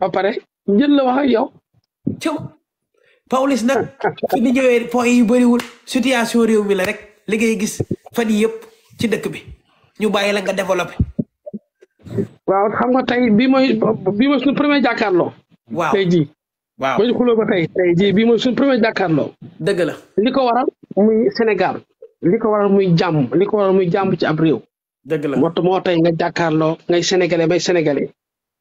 ba pare jël la wax ak yow. caw Pawlish nag su ñu ñëwee point yu bëriwul situation réew bi la rek li gis fan yëpp ci dëkk bi ñu bàyyi la nga développé. waaw xam nga tey bii mooy bii mooy suñu premier jàkkaarloo. waaw tey jii. waaw ba ñu jii bii mooy suñu premier dëgg la li ko waral muy Sénégal li ko waral muy jàmm li ko waral muy jàmm ci ab réew. dëgg la moo moo nga jàkkaarloo ngay sénégalais bay sénégalais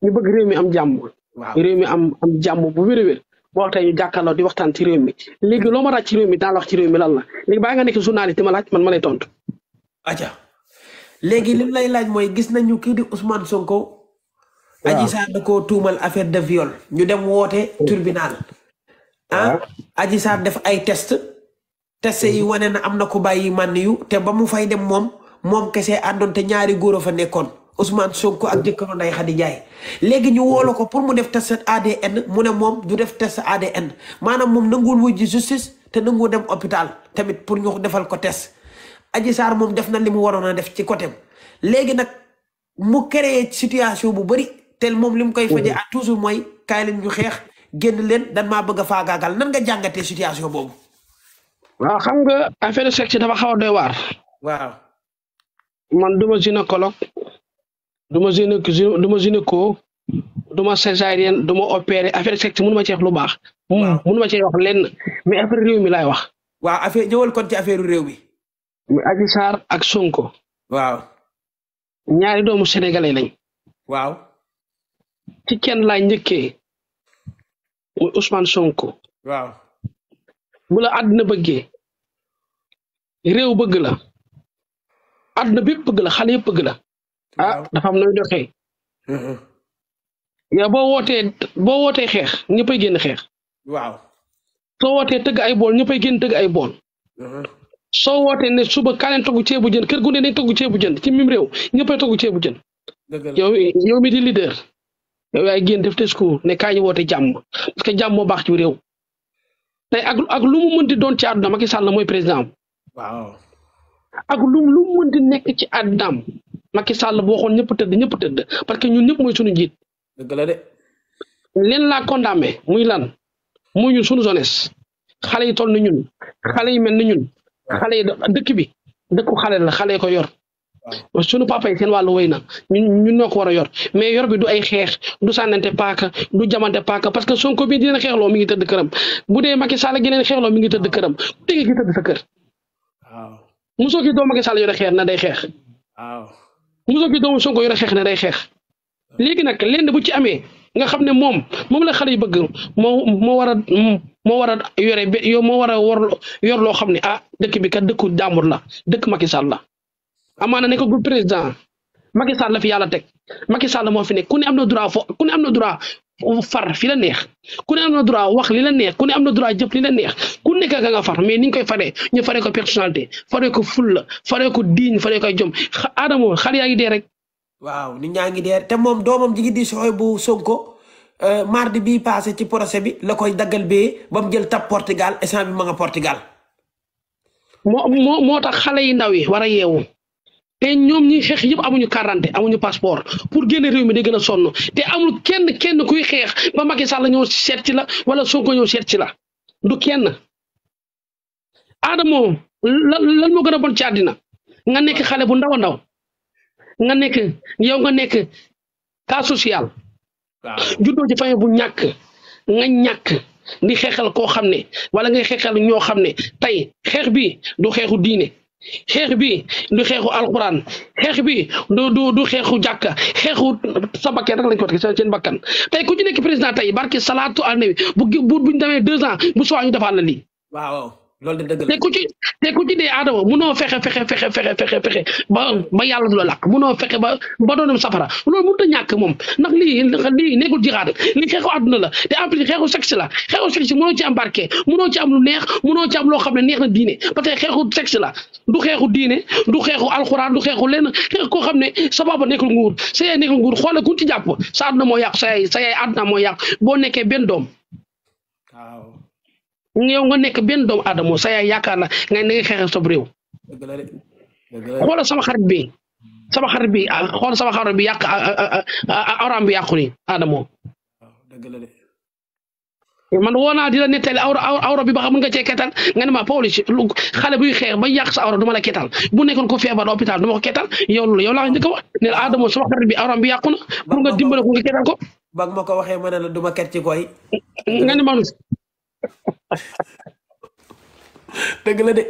ñu bëgg réew mi am jàmm waaw réew mi am am bu wér a wér boo wax tey ñu jàkkaarloo di waxtaan ci réew mi léegi loo ma laaj réew mi daal wax ci réew mi lan na léegi baa nga nekk journaliste ma laaj man ma lay tontu. aja léegi li lay laaj mooy gis nañu kii di Ousmane Sonko. waaw Adji Sarr koo tuumal affaire de viol. ñu dem woote tribunal. ah aji Sarr def ay test. test yi mhm. wane na am na ko bàyyi mànn yu te ba mu fay dem moom moom kese àndoon te ñaari góor a fa nekkoon. Ousmane Sonko ak jëkkëru Ndeye Khady Ndiaye léegi ñu wolo ko pour mu def test ADN mu ne mom du def test ADN manam mom nangul wuy ji justice te nangul dem hôpital tamit pour ñu defal ko test Adji Sarr mom def na limu warona def ci côté léegi nak mu créer situation bu bari tel mom lim koy faje mhm. toujours moy kay leen ñu xex genn leen dan ma bëgg fa gagal nan nga jangate situation bobu wa xam nga affaire sexe dafa xaw doy war wa man duma du ma gyné du ma gynéco du ma césarienne du ma opéré affaire sexe ma ci wax lu baax. Hmm. waaw mënu ma ci wax lenn mais affaire réew mi laay wax. waaw affaire ñëwal kon ci affaire réew mi. mais Adji ak Sonko. waaw. ñaari doomu sénégalais lañ. waaw. ci kenn laa njëkke muy Ousmane Sonko. waaw. bu la àddina bëggee réew bëgg la àddina bépp bëgg la xale yëpp bëgg la. ah dafa am nooy doxee. yow boo wootee boo wootee xeex ñëppay génn xeex. waaw soo wootee tëgg ay bool ñëppay génn tëgg ay bool. soo wootee ne suba kaa leen togg ceebu jën kër gu ne nañ togg ceebu jën ci mim réew ñëppay togg ceebu jën. yow yow mi di leader yow yaay génn def discours ne kaa ñu woote jàmm parce que jàmm moo baax ci réew. te ak ak lu mënti doon ci àdduna Macky Sall mooy président am. waaw ak lu lu mu mënti nekk ci àddunaam Macky Sall bu waxoon ñëpp tëdd ñëpp tëdd parce que ñun ñepp moy suñu jitt deug la dé len la condamné muy lan muy ñun suñu jeunesse xalé yi toll ni ñun xalé yi mel ni ñun xalé yi dëkk bi dëkku xalé la xalé ko yor. suñu papa yi seen walu wayna ñun ñoko wara yor mais yor bi du ay xex du sanante pak du jamante pak parce que Sonko bi dina lo mi ngi teud kërëm bu dé Macky Sall gi xex lo mi ngi teud kërëm tege gi teud sa kër. waaw mosoo gi Macky Sall yore xex na day xex waaw muso gi doomu Sonko yore xeex ne day xeex léegi nag lenn bu ci amee nga xam ne moom moom la xale yi bëgg moo moo war a moo war a yore yow moo war a war yor loo xam ne ah dëkk bi kat dëkku jàmbur la dëkk Macky Sall la amaana ne ko groupe président Macky Sall la fi yàlla teg Macky Sall moo fi nekk ku ne am na droit fo ku ne am na droit far fi la neex ku ne am na droit wax li la neex ku ne am na droit jëf li la neex ku nekk ka nga far mais ni ñu koy faree ñu faree ko personnalité faree ko fulla faree ko diiñ faree ko jom Adamo xale yaa ngi dee rek. waaw nit ñaa ngi dee te moom doomam ji ngi di soxee bu Sonko euh, mardi bii passé ci procès bi la koy daggal bee ba jël tab Portugal instant bi ma nga Portugal. moo moo tax xale yi ndaw yi war a yeewu. te ñoom ñuy xeex yëpp amuñu carte amuñu passeport pour génne réew mi day gën a sonn te amul kenn kenn kuy xeex ba Macky Sall ñëw seet ci la wala Sonko ñëw seer ci la du kenn Adamo la lan moo gën a bon ci àddina nga nekk xale bu ndaw a ndaw nga nekk yow nga nekk ka social. juddoo ci famille bu ñàkk nga ñàkk di xeexal koo xam ne wala ngay xeexal ñoo xam ne tey xeex bi du xeexu diine. xeex bi du xeexu al alxuraan xeex bi du du du xeexu jàkka xeexu sa bakkan rek lañ ko teg seen bakkan tey ku ci nekk président tey barki salaatu al nabi bu buñ demee deux ans bu soo ñu defaan la lii loolu de dëgg la te ku ci te ku ci dee aadama munoo fexe fexe fexe fexe fexe ba ba yàlla du la làkk munoo fexe ba ba doonam safara loolu mënut a ñàkk moom ndax lii lii nekkul jixaad lii xeexu àdduna la te en plus xeexu sexe la xeexu sexe munoo ci embarqué munoo ci am lu neex munoo ci am loo xam ne neex na diine parce que xeexu sexe la du xeexu diine du xeexu alxuraan du xeexu lenn xeex koo xam ne sababa nekkul nguur sa yaay nekkul nguur xoole ku ci jàpp sa àdduna mooy yàqu sa yaay sa yaay àdduna moo boo nekkee benn doom yow nga nekk benn doomu aadama sa yaay yaakaar la nga ne nga xeexal sa réew xoolal sama xarit bi sama xarit bi ah, xool sama xarit bi yàq ah, ah, awraam bi yàqu ni aadamo man woo naa di la nettali awra awra bi ba xam nga cee ketal nga ne ma Pawlish xale buy xeex ba yàq sa awra du ma bu nekkoon ko feebar hôpital du ma ko yow loolu yow laa a wax ne la aadamo bi awraam bi yàqu na pour nga dimbale ko nga ketal ko ba ma ko waxee ma ne la du ma ket ci koy nga ne dëgg la de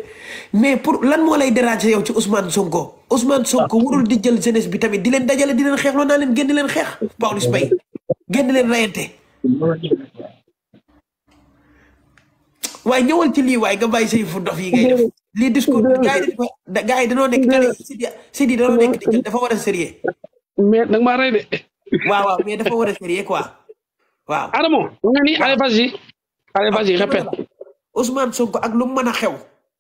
mais pour lan moo lay déranger yow ci Ousmane Sonko Ousmane Sonko warul di jël jeunesse bi tamit di leen dajale di leen xeex loolu naa leen génn leen xeex Pawlish Mbaye génn leen rayante waaye ñëwal ci lii waaye nga bàyyi say yi lii yi gaa yi dafa war a sérieux mais danga maa waaw waaw dafa war a sérieux waaw Adamo nga ni allez vas-y allez vas-y répète Ousmane Sonko ak lu mu mën a xew.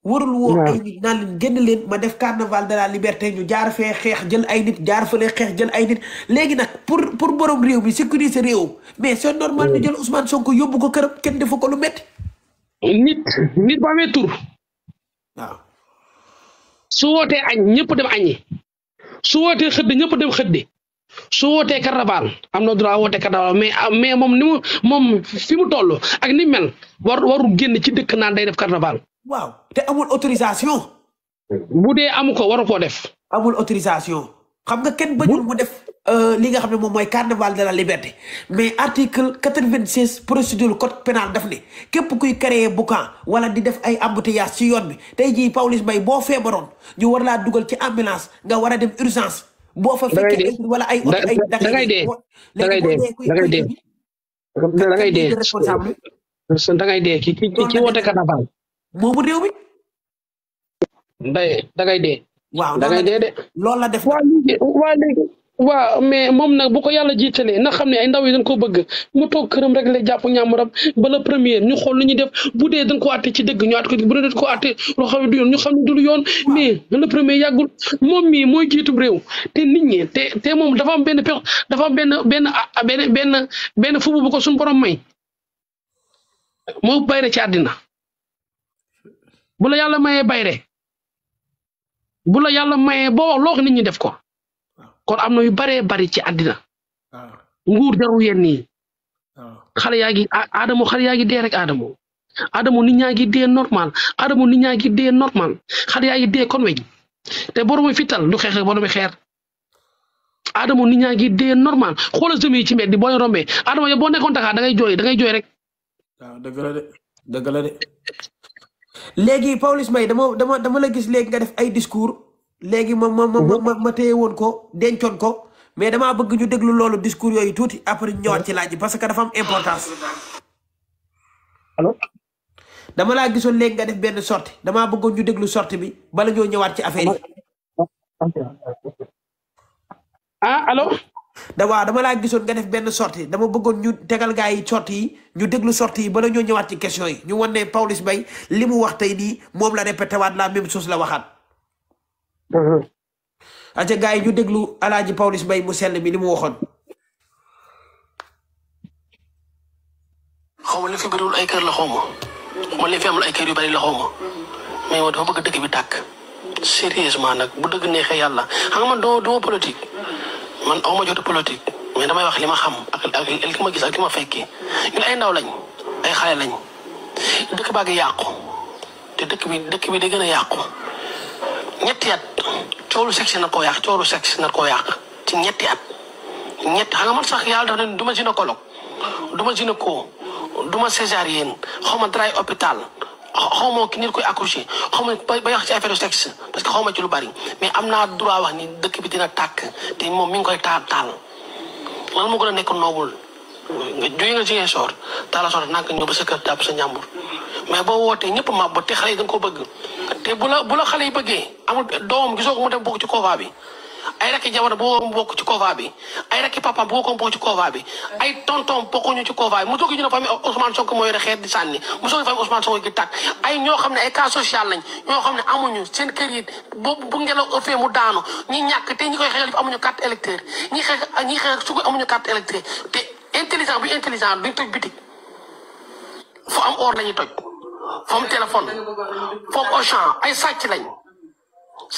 warul woo ay nit naan leen génn leen ma def carnaval de la liberté ñu jaar fee xeex jël ay nit jaar fële xeex jël ay nit léegi nag pour pour borom réew mi sécuriser réew mais c'est normal ñu mm. jël Ousmane Sonko yóbbu ko këram kenn defu ko lu métti. nit nit bu amee tur. waaw. su wootee añ ñëpp dem añi su wootee xëdd ñëpp dem xëddi su wootee caravane am na droit wootee caravane mais ah, mais moom ni mu moom fi mu toll ak ni mel war waru génn ci dëkk naan day def caravane. waaw te amul autorisation. bu dee amu ko waru koo def. amul autorisation. xam nga kenn bañul mu def euh, li nga xam ne moom mooy carnaval de la liberté mais article quatre-vingt-seize procédure code pénal def ne képp kuy créer boucan wala di def ay embouteillage ci yoon bi tey jii Pawlish bay boo feebaroon ñu war laa dugal ci ambulance nga war a dem urgence. boo fa fekkee wala ay ay da ngay dee da ngay dee da ngay dee da da ngay dee ki ki ki woote carnaval moomu réew mi da da ngay de waaw da ngay de loolu la def waaw mais moom nag bu ko yàlla jiitalee na xam ne ay ndaw yi dañ ko bëgg mu toog këram rek la jàpp ñaamuram ba la première ñu xool lu ñuy def bu dee dañ ko àtte ci dëgg ñu àtte ko bu dee dañ ko àtte loo xam ne du yoon ñu xam ne du yoon mais le premier yàggul moom mii mooy jiitub réew te nit ñi te te moom dafa am benn pex dafa am benn benn benn benn benn fubu bu ko suñu borom may moo bayre ci àddina bula yàlla mayee bayre bula yàlla mayee boo wax loo nit ñi def ko kon am na yu baree bari ci àddina nguur de yenn yi xale yaa ngi aadamo xale yaa ngi dee rek aadamo aadamo nit ñaa ngi dee normal aadamo nit ñaa ngi dee normal xale yaa ngi dee kon weñ te boroomi fital du xeex boroomi xeer aadamo ni ñaa ngi dee normal xoolal sëmi ci mbedd boo leen rombee aadamo yow boo nekkoon Dakar da ngay jooy da jooy rek waaw dëgg la de dama dama la gis léegi nga def ay discours léegi ma ma mhm. ma ma téye woon ko dencoon ko mais damaa bëgg ñu déglu loolu discours yooyu tuuti après ñëwaat ci laaj parce que dafa am dama laa gisoon léegi nga def benn sortie damaa bëggoon ñu déglu sortie bi bala ñoo ñëwaat ci affaire yi. ah allo. da waaw dama laa gisoon nga def benn sortie dama bëggoon ñu tegal gaa yi sortie yi ñu déglu sortie yi bala ñoo ñëwaat ci question yi ñu wan ne Pawlish Mbaye li mu wax tey nii moom la répété waat la même chose la waxaat. Uh-huh. aca gars yi ñu déglu alaaji Pawlish Mbaye mu sell mi li mu waxoon xaw ma li fi bëriwul ay kër la xaw ma wala li fi amul ay kër yu bëri la xaw ma mais dafa bëgg dëkk bi tàkk sérieusement nag bu dëgg neexee yàlla xam nga man man aw ma jotu politique mais damay wax li ma xam ak li ma gis ak li ma fekkee ñun ay ndaw lañ ay xale lañ dëkk baa ngi yàqu te dëkk bi dëkk bi day gën a yàqu ñetti at coolu sexe na koo yàq coolu sexe na koo yàq ci ñetti at ñett xam nga man sax yàlla dafa ne du ma gynécologue du ma gynéco du ma césarienne xaw ma daraay hôpital xaw ma ki nit koy accouché xaw ma bay wax ci affaire sexe parce que xaw ma ci lu bari mais am naa droit wax ni dëkk bi dina tàkk te moom mi ngi koy taal taal lan moo gën a nekk noobul nga juy nga jigéen soor taala soor nak ñëw ba sa kër jàpp sa njàmbur mais boo wootee ñëpp màbb te xale yi dañ ko bëgg te bu la bu la xale yi bokk ci koofaa bi ay rakki jabar boo ko bokk ci koofaa bi ay rakki papaam boo ko bokk ci koofaa bi ay tontom bokkuñu ci ñu ne famille Ousmane Sonko moo yore xeet di sànni xam ne ay cas social lañ ñoo ne amuñu seen kër yi boobu bu ngelaw ëppee mu daanu ñi ñàkk te ñi koy xeexal amuñu carte électeur ñi xeex ñi xeex amuñu carte électeur te intelligent bi intelligent bi toj bitik fo am or lañuy toj fo am telephone fo am Auchan ay sacc lañ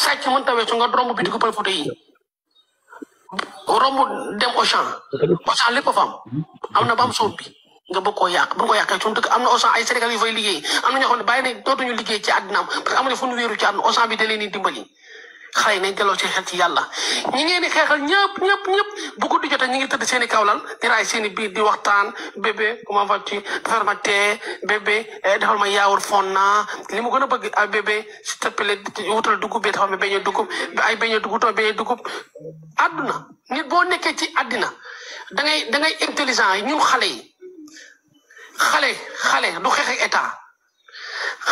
sacc mën tawé su nga romb bitiku pël photo yi rombu dem Auchan Auchan lépp fa amna am na ba am bi nga bëgg koo yàq bëgg koo yàqee suñu dëkk am na Auchan ay Sénégal yu fay liggéey amna ñoo xam bayina bàyyi dootuñu liggéey ci adnam parce que amna fu ñu wëru ci àddina Auchan bi da leen di dimbali xale yi nañ delloo seen xel ci yàlla ñi ngeen di xeexal ñëpp ñëpp ñëpp bu guddi jotee ñi ngi tëdd seeni i kawlal di raay seen biir di waxtaan bébé comment vas-tu defal ma tee bébé eh, defal ma yaawur fon na li mu gën a bëgg ay ah, bébé s'il te plaît wutal dugub bi defal ma beñe dugub ay beñe dugub wutal beñe dugub àdduna nit boo nekkee ci àddina da ngay da yi intelligent ñun xale yi xale xale du xeexee ak état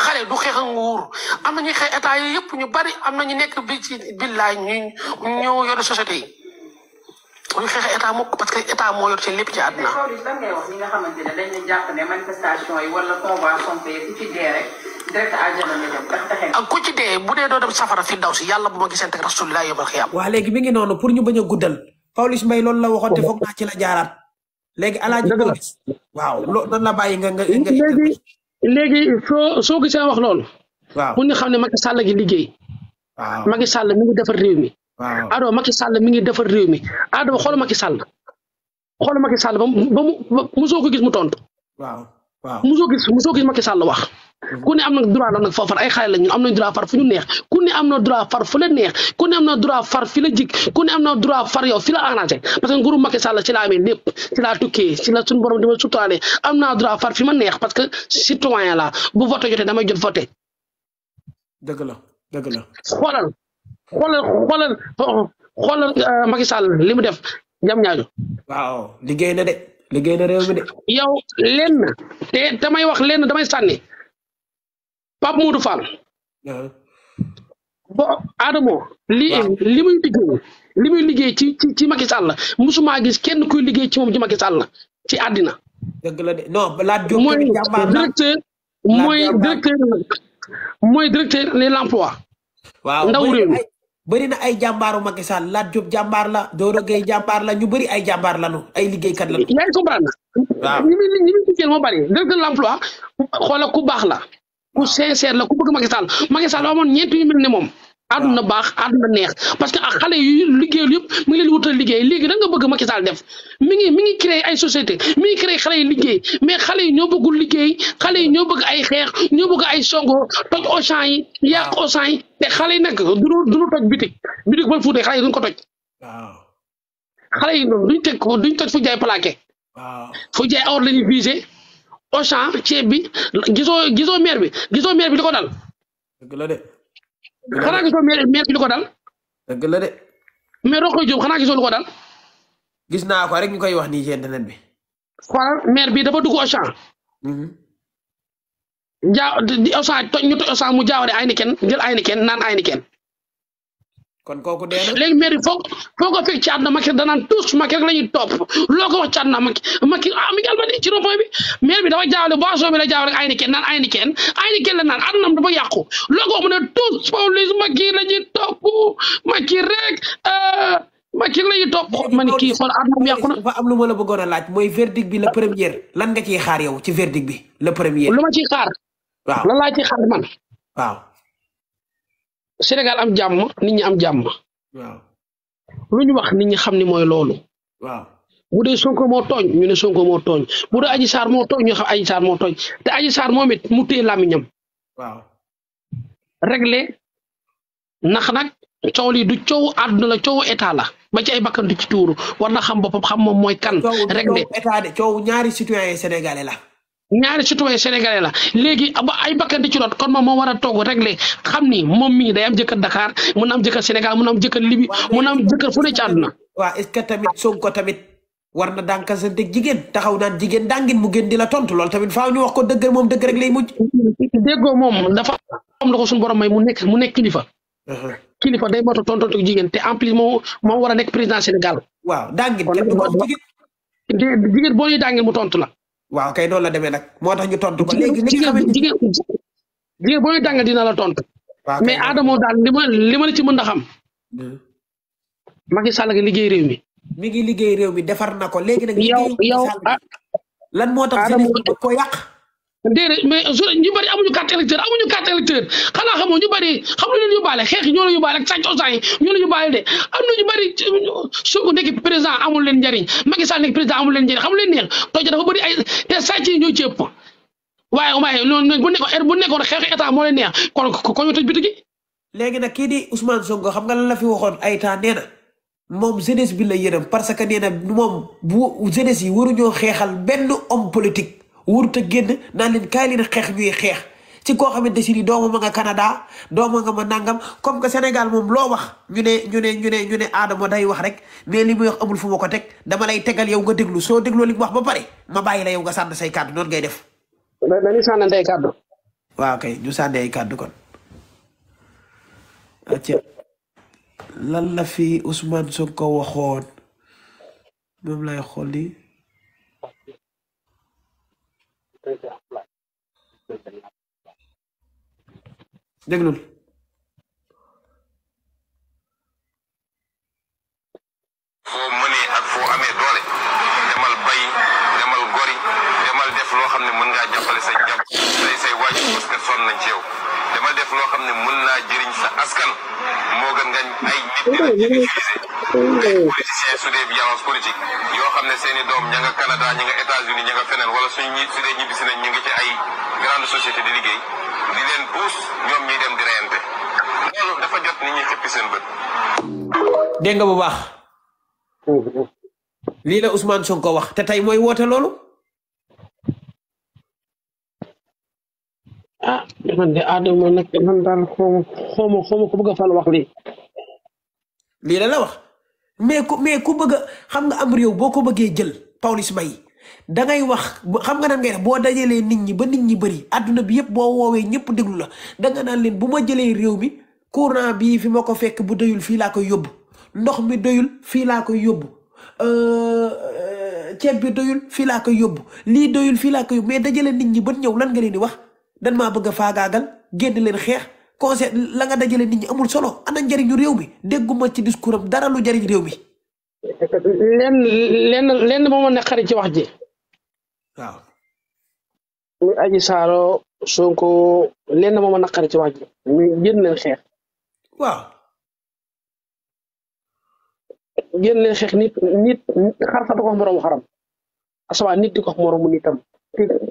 xalé du xex a nguur am na ñuy état yi yëpp ñu bari am na nekk bi ci billahi ñu ñoo yor société yi ñu xex état mo parce que état mo yor ci lepp ci aduna lan dañ ne manifestation yi wala ci dee direct dem ak ku ci bu dé do dem safara fi ndaw ci yalla bu ma pour ñu bañu guddal paulis mbay loolu la waxon té fokk na ci la waaw la baye nga nga. léegi soo soo gisee wax loolu. waaw mun nga xam ne Macky Sall gi liggéey. waaw Macky Sall mi ngi defar réew mi. waaw Ado Macky Sall mi ngi defar réew mi Ado xool Macky Sall xool Macky Sall ba mu ba mu mosoo ko gis mu tontu. waaw waaw mosoo gis mosoo gis Macky Sall wax. ku ne am na droit la nag fa far ay xale la ñun am nañ droit far fu ñu neex ku ne am na droit far fu la neex ku ne am na droit far fi la jig ku ne am na droit far yow fi la arrangé parce que nguuru Macky Sall ci la amee lépp ci la tukkee ci la suñu borom di ma am naa droit far fi ma neex parce que citoyen la bu voté jotee damay jot voté. dëgg la dëgg la. xoolal xoolal xoolal xoolal euh, Macky Sall li mu def jam ñaajo. waaw liggéey na de. liggéey na réew mi te damay wax lenn damay sànni Pape Modou Fall. Ah. bo Adamo li li muy liggéey li muy liggéey ci ci ci sàll Sall musuma gis kenn kuy liggéey ci moom ci Macky Sall ci àddina. dëgg la de non laaj jo mooy directeur mooy directeur mooy directeur de bëri na ay jàmbaaru Macky Sall Lat Diop jàmbaar la Dodo Gueye jàmbaar la ñu bëri ay jàmbaar lanu ay liggéeykat lanu. yaa ngi comprendre waaw ñi muy ñi muy liggéeyal moo l'emploi xoola ku baax la ku sincère la ku bëgg Macky Sall Macky Sall amoon ñeenti yu ne moom. àdduna baax àdduna neex parce que ak xale yu liggéey yëpp mu ngi leen wutal liggéey léegi da nga bëgg Macky Sall def mi ngi mi ngi créé ay société mi ngi créé xale yi liggéey mais xale yi ñoo bëggul liggéey xale yi ñoo bëgg ay xeex ñoo bëgg ay songo toj Auchan yi yàq Auchan yi te xale yi nag du duñu toj bitik bitik ba fuutee xale yi duñu ko toj xale yi duñ teg duñ toj fu jaay plaqué fu jaay or lañuy visé Auchan ceeb bi gisoo gisoo maire bi gisoo maire bi li ko dal xanaa gisoo meer meer bi lu ko dal. dëgg la de. mais Rokhaya Diop xanaa ko dal. gis naa ko rek ñu koy wax nii ci internet bi. xoolal meer bi dafa dugg o mhm. jaa di Auchan toj ñu toj Auchan mu jaawale ay ni kenn jël ay ni naan ay ni kon kooku dee léegi mairie foo foo ko fekk ci àdduna Macky danaan tous Macky rek la ñuy topp loo ko wax ci àdduna Macky Macky ah mi ngi albani ci rond-point bi maire bi dafa jaawale boisson bi la jaawale ak Heineken naan Heineken Heineken la naan àddunaam dafa yàqu loo ko wax mu ne tous police Macky la ñuy topp Macky rek euh, Macky rek la ñuy topp ma ne kii xool àddunaam yàqu na. dafa am lu ma la bëggoon a laaj mooy verdict bi le premier lan nga ciy xaar yow ci verdict bi le premier. lu ma ciy xaar. waaw lan laa ciy xaar waaw. Sénégal am jàmm nit ñi am jàmm. waaw lu wax nit ñi xam ni mooy loolu. waaw bu dee Sonko moo tooñ ñu ne Sonko moo tooñ bu dee Adji Sarr moo tooñ ñu xam Adji Sarr moo tooñ te Adji Sarr moom it mu téye làmmiñam. réglé ndax nag coow lii du coowu àdduna la coowu état la ba ci ay bakkan du ci tuuru war na xam boppam xam moom mooy kan. réglé coowu état de coowu ñaari citoyen la. ñaari citoyen sénégalais la léegi ba ay bakkante ci doot kon moom moo war a toog régler xam ni moom mii day am jëkkër Dakar mun am jëkkër Sénégal mun am jëkkër Libi mun am jëkkër fu ne ci àdduna waaw est-ce que tamit Sonko tamit war na dànkasante jigéen taxaw naan jigéen dàngin mu gën di la tontu loolu tamit faaw ñu wax ko dëgg moom dëgg rek lay mujj déggoo moom dafa am la ko suñu borom may mu nekk mu nekk kilifa uh-huh. kilifa day moto tontontu jigéen te en plus moo moo a nekk président Sénégal waaw dàngin jigéen boo ñuy dàngin mu tontu la waaw kay noonu la demee nag moo tax ñu tontu ba léegi li nga xamante jigéen booy jàng dina la tontu. mais Adamo daal li ma li ma la ci mën a xam. Hmm. Macky Sall gi liggéey réew mi. mi ngi liggéey réew mi defar na ko léegi nag. yow yow ah, lan moo tax ko yàq. déedéet mais ñu bëri amuñu carte électeur amuñu carte électeur xanaa xamoo ñu bëri xam lu leen yóbbaale xeex ñoo la yóbbaale ak sàcc osaan yi ñoo la yóbbaale de am ñu bëri Sonko nekk président amul leen njariñ Macky Sall nekk président amul leen njariñ xam leen neex tooja dafa bëri ay te sàcc yi ñoo ci ëpp waaye nekkoon bu nekkoon er, xeexu état kon ko ñu tëj bitig gi léegi nag kii di Ousmane Sonko xam nga lan la fi waxoon ay temps nee na moom jeunesse bi la yërëm parce que nee na moom bu jeunesse yi waruñoo xeexal benn homme politique wurta génn naan leen kaay leen xex ñuy xex ci koo xamante si ni doomu ma nga Canada doomu nga ma nangam comme que senegal mom lo wax ñu né ñu né ñu né ñu né Adama day wax rek mais li wax amul fu ko dama lay tegal yow nga deglu so deglu li wax ba paré ma bayyi la yow nga sand say cadeau non ngay def. ni day cadeau wa kay ju sànne ay cadeau kon. acca lan la fi Ousmane Sonko waxone mom lay xool déglul foo mënee ak foo amee doole demal bay demal gori demal def loo xam ne mën ngaa jàppale say jàpp say say waajur parce que sonn nañ ci yow demal def loo xam ne mën naa jëriñ sa askan moo gën nga ay nit di la utiliser ay politiciens su dee violence politique yoo xam ne seen doom ña nga Canada ña nga États-Unis ña nga feneen wala suñ su dee ñibbisi nañ ñu ngi ci ay grande société di liggéey di leen pousse ñoom ñuy dem dafa jot nit ñi xëppi seen bët. nga bu baax. lii la Ousmane ko wax te tey mooy woote loolu. ah Adama nag man daal xaw ma ko bëgg a wax lii. lii la la wax. mais ku mais ku bëgg a xam nga am réew boo ko bëggee jël Pawlish may da ngay wax xam nga nan ngay def boo dajalee nit ñi ba nit ñi bëri àdduna bi yëpp boo woowee ñëpp déglu la da nga naan leen bu ma jëlee réew mi courant bii fi ma ko fekk bu doyul fii laa koy yóbbu ndox mi doyul fii laa koy yóbbu euh, euh, ceeb bi doyul fii laa ko yóbbu lii doyul fii laa koy yóbbu mais dajalee nit ñi ba ñëw lan nga leen di wax dan maa bëgg a faagaagal génn leen xeex. conseil la nga dajale nit ñi amul solo ana ñu rew mi degguma ci discoursam dara lu jariñ rew mi len len lenn ne xari ci wax ji waaw aji saaro sonko lenn mooma naqari ci wax ji muy génn len xex waaw génn len xex nit nit xarfata ko morom xaram asaba nit di nitam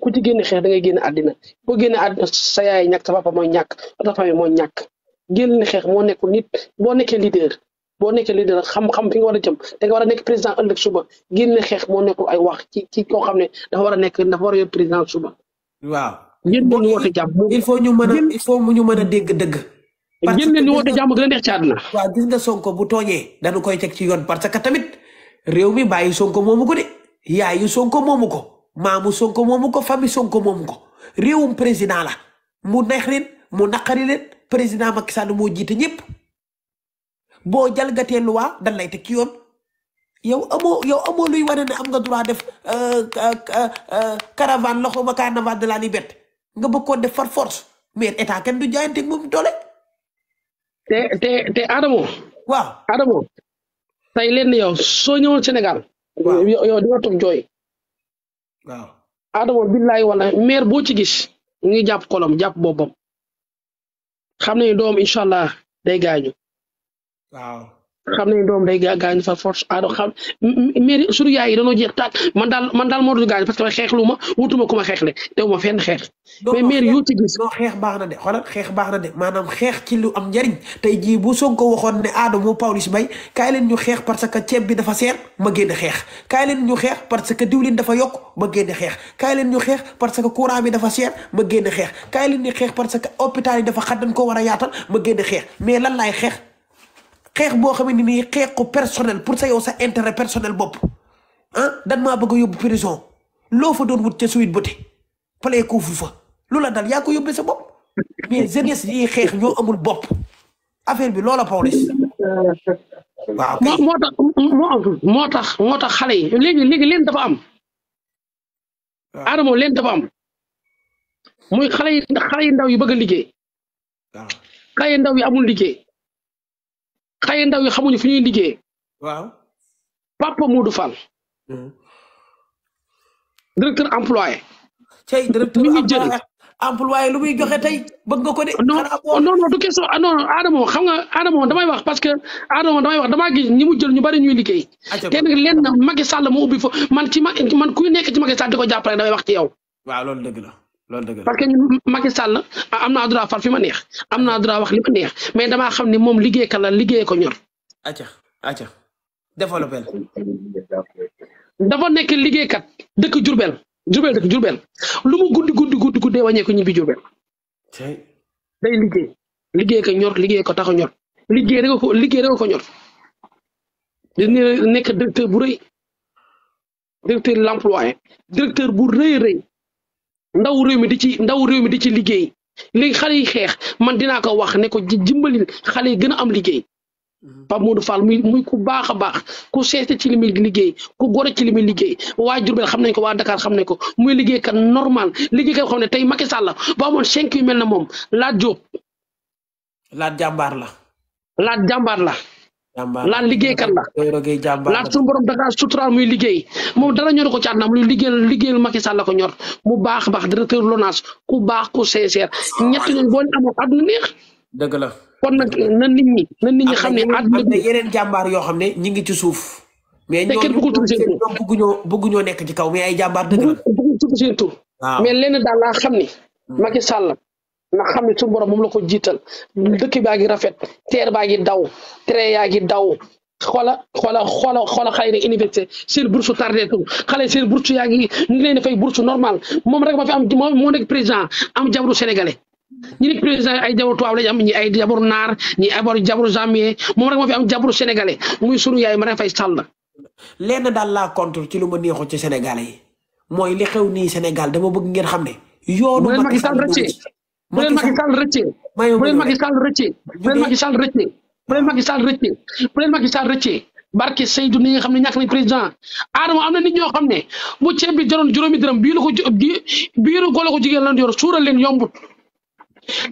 ku ci génne xeex da ngay génne àddina boo génn àddina sa yaay ñàkk sa papa mooy ñàkk sa famille mooy ñàkk génne xeex moo nekkul nit boo nekkee leader boo nekkee leader xam-xam fi nga war a jëm te nga war a nekk président ëllëg suba génne xeex moo nekkul wax ci ci xam ne dafa war a nekk dafa war a yor président suba. waaw yéen ñu woote jàmm. il faut ñu mën a il faut ñu mën a dégg dëgg. parce que yéen ñu woote jàmm gën a neex ci àddina. waaw gis nga Sonko bu tooñee dañu koy teg ci yoon parce que tamit réew mi bàyyi Sonko moomu ko de yaayu Sonko moomu ko maamu Sonko moomu ko famille Sonko moomu ko réewum président la mu neex leen mu naqari leen président Macky Sall moo jiite ñëpp boo jalgatee loi da lay teg ci yoon yow amoo yow amoo luy wane ne am nga droit def euh, euh, euh, caravane loxo ma carnaval de la liberté nga bëgg koo def par force mais état kenn du jaayanteeg moom doole. te te te Adamo. waaw Adamo. tey lenn yow soo ñëwoon Sénégal. waaw yow di nga toog jooy. waaw Adama billaay wala maire boo ci gis mu ngi jàpp kolom jàpp boppam xam nañu doom incha allah day gaañu waaw xam nañ doom day gaañ fa force ado ah, xam mairie suñu yaay yi dañoo jeex taag man daal man daal moo dul gaañ parce que xeexlu ma ma xeex le dew ma fenn xeex mais mairie yoo ci baax na de xoolal xeex baax na de maanaam xeex ci lu am njariñ tey jii bu Sonko waxoon ne aado ah, moo Pawlish Mbaye kaay leen ñu xeex parce que ceeb bi dafa seer ma génn xeex kaay leen ñu xeex parce que diwlin dafa yokk ma génn xeex kaay leen ñu xeex parce que courant bi dafa seer ma génn xeex kaay xeex parce que hôpital yi dafa xat dañ ko war a yaatal ma génn xeex mais lan laay xeex xex boo xamante ni xeex ko personnel pour sa yow sa intérêt personnel bopp ah dan maa bëgg a yóbbu prison loo fa doon wut ca suite ba te palee ko fu fa lu la dal yaa ko yóbbee sa bopp mais jeunesse yi xeex ñoo amul bopp affaire bi loola Pawlish waaw moo tax moo tax moo tax xale yi léegi léegi leen dafa am Adamo leen dafa am muy xale yi xale yi ndaw yi bëgg a liggéey xale yi ndaw yi amul liggéey xëy ndaw yi xamuñu fu ñuy liggéey. waaw Papa Modou Fall. Hmm. directeur employé. tey directeur mi ngi jël employé lu muy joxe tey bëgg nga ko de. non non non du question ah, non Adama xam nga Adama damay wax parce que Adama damay wax dama gis ñi mu jël ñu bari ñuy liggéey. Ah, te nag lenn Macky Sall mu ubbi fa man ci man kuy nekk ci Macky Sall di ko jàppale damay wax ci yow. waaw loolu dëgg la. loolu dëgg parce que Macky Sall ah, am naa droit fi ma neex am naa droit wax neex mais damaa xam ne moom liggéey ka la liggéey ko ñor. acca acca développé la. dafa nekk liggéeykat dëkk Jurbel Jurbel dëkk Jurbel lu mu guddi guddi guddi guddee wàññeeku ñibbi Jurbel. day liggéey liggéey ko ñor liggéey ko tax ñor liggéey rek liggéey ko ñor di nekk directeur bu rëy directeur l'emploi directeur bu rëy rëy. ndaw réew mi di ci ndaw réew mi di ci liggéey léegi xale yi xeex man dinaa ko wax ne ko jimbalil xale yi gën a am liggéey mhm. pa Modou fal muy muy ku baax a baax ku seete ci li muy liggéey ku gore ci limi muy liggéey waa Diourbel xam nañ ko waa Dakar xam nañ ko muy liggéey kan normal liggéey kan xam ne tey Macky Sall ba amoon cinq yu mel na moom laaj Jóob laaj jàmbaar la laaj jàmbaar la lan kan la lan suñu borom daga sutural muy liggey mom dara ñor ko ci àdduna muy liggéeyal liggéeyal Macky Sall ko ñor mu bax bax directeur LONASE ku bax ku sincère ñett ñun boo am amoon àdduna neex. deug la kon nak na nit ñi na nit ñi xamni ne àdduna bi yeneen jàmbaar yoo xam ñi ngi ci suuf. mais ñooñu ñoom ñoom nekk ci kaw mais ay jambar deug la mais lenn da la xamni Macky Sall nga xam ne suñu borom moom la ko jiital dëkk baa ngi rafet teer baa ngi daw train yaa ngi daw xoola xoola xoola xoola xale ne université seen bourse tardé tu xale seen bourse yaa ngi ñu ngi leen fay bourse normal moom rek ma fi am moo nekk président am jabaru sénégalais ñi nekk président ay jabaru tubaab lañ am ñi ay jabaru naar ñi ay jabaru zambien moom rek ma fi am jabaru sénégalais muy sunu yaay ma rek fay sàll lenn daal laa contre ci lu ma neexul ci sénégalais yi mooy li xew nii sénégal dama bëgg ngeen xam ne yoonu Macky Sall bu leen Macky Sall rëccee bu leen Macky Sall rëccee bu leen Macky Sall rëccee bu leen Macky Sall rëccee bu leen Macky Sall rëccee barke Seydou ni nga xam ne ñàkk nañ président Adama am na nit ñoo xam ne bu ceeb bi jaroon juróomi dërëm bii la ko biiru ko la ko jigéen lan yor suural leen yombut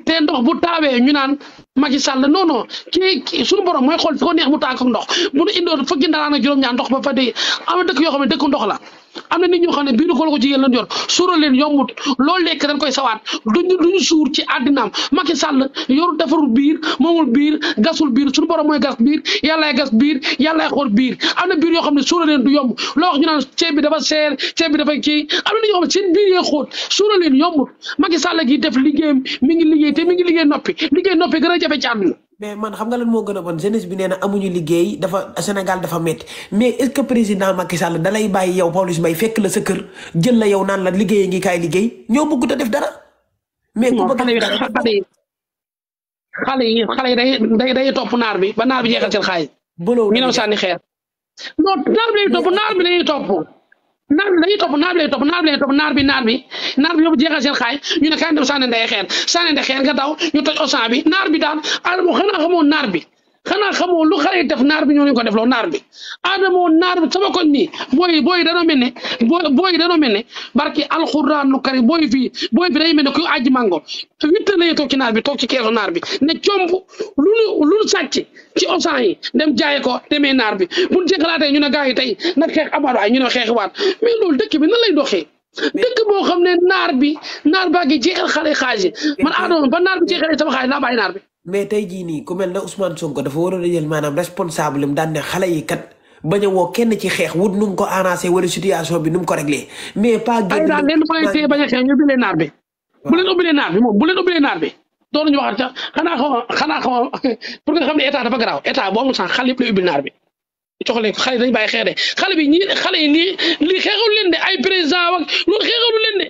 te ndox bu taawee ñu naan Macky Sall non non kii suñu borom mooy xool fi ko neex mu tànk ndox bu nu indoon fukki ndaraan ak juróom-ñaar ndox ba fa dee am na dëkk yoo xam ne dëkk ndox la am na nit ñoo xam ne ko la ko jigéen lañ yor suural leen yombut loolu lekk dañ koy sawaat duñu duñu suur ci àddinaam Macky Sall yoru defarul biir gas biir yàllaay gas biir yàllaay xool biir am na biir yoo xam ne suural leen du yomb loo wax ñu bi dafa seer ceeb bi dafa kii am na nit ñoo leen yombut Macky Sall gi def liggéeyam mi ngi liggéey te mi ngi liggéey noppi liggéey noppi gën jafe-jafe mais man xam nga lan moo gën a bon jeunesse dafa Sénégal dafa métti mais est-ce que président Macky Sall da lay bàyyi yow Pawlish Mbaye fekk la sa kër jël la yow naan la liggéey ngi kaay liggéey ñoo bëggut a def dara. mais ku bëgg xale yi xale yi xale yi day day day topp naar bi ba naar bi jeexal seen xaay. bëloo ñu sànni xeer. non naar bi day topp naar bi day topp. naar bi dañuy topp naar bi lay topp naar bi lay topp naar bi naar bi naar bi yóbbu jeexal seen xaay ñu ne kaay dem sànni ndey xeer sànni ndey xeer nga daw ñu toj osan bi naar bi daal al bu xanaa xamoo naar bi xanaa xamoo lu xale def naar bi ñoo leen ko defloo naar bi aadamoo naar bi sama koñ nii booy booy dana mel ne booy booy danoo mel ne barki alxuraanu kari booy fii booy bi day mel ne kuy aji mango huit heures lañuy ci naar bi toog ci keesu naar bi ne comb lu nu lu sàcc ci osan yi dem jaay ko demee naar bi buñ jeexalaatee ñu ne gars yi tey nag xeex amaat waaye ñu ne xeexi waat mais loolu dëkk bi nan lay doxee dëkk boo xam ne naar bi naar baa ngi jeexal xale xaalis yi man aadama ba naar bi jeexalee sama xaalis naa bàyyi naar bi mais tey jii nii ku mel ne Ousmane Sonko dafa waroon a jël maanaam responsable am daan ne xale yi kat bañ kenn ci xeex wut nu mu ko arrangé wala situation bi nu mu ko réglé. mais pas génn ay leen mooy téye bañ a xeex ñu ubbilee naar bi. leen ubbilee naar bi moom bu xam ne état dafa garaaw état boo amul sànq xale yëpp lay ubbil bi. coxalee ko xale yi dañu bàyyi xeex de xale bi ñi xale yi lii lii xeexul leen de ay président leen de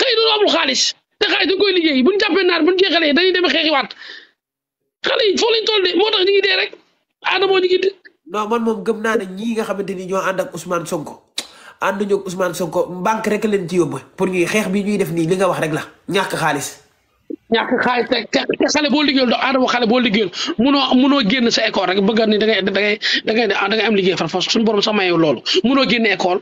xëy na amul xaalis te xaalis dañ koy liggéey buñ jàppee naar buñ jeexalee yi dañuy dem xeexiwaat xale yi foofu lañ toll de moo tax ñu ngi dee rek Adama ñu ngi dee. non man moom gëm naa ne ñii nga xamante ni ñoo ànd ak Ousmane Sonko ànduñu ak Ousmane Sonko banque rek leen ci yóbbu pour ñuy xeex bi ñuy def nii li nga wax rek la ñàkk xaalis ñàkk xaalis te xale boo boo liggéeyul munoo munoo génn sa école rek bëgg ni da ngay da ngay ngay da ah, am liggéey far fas suñu borom sax mayee loolu munoo génn école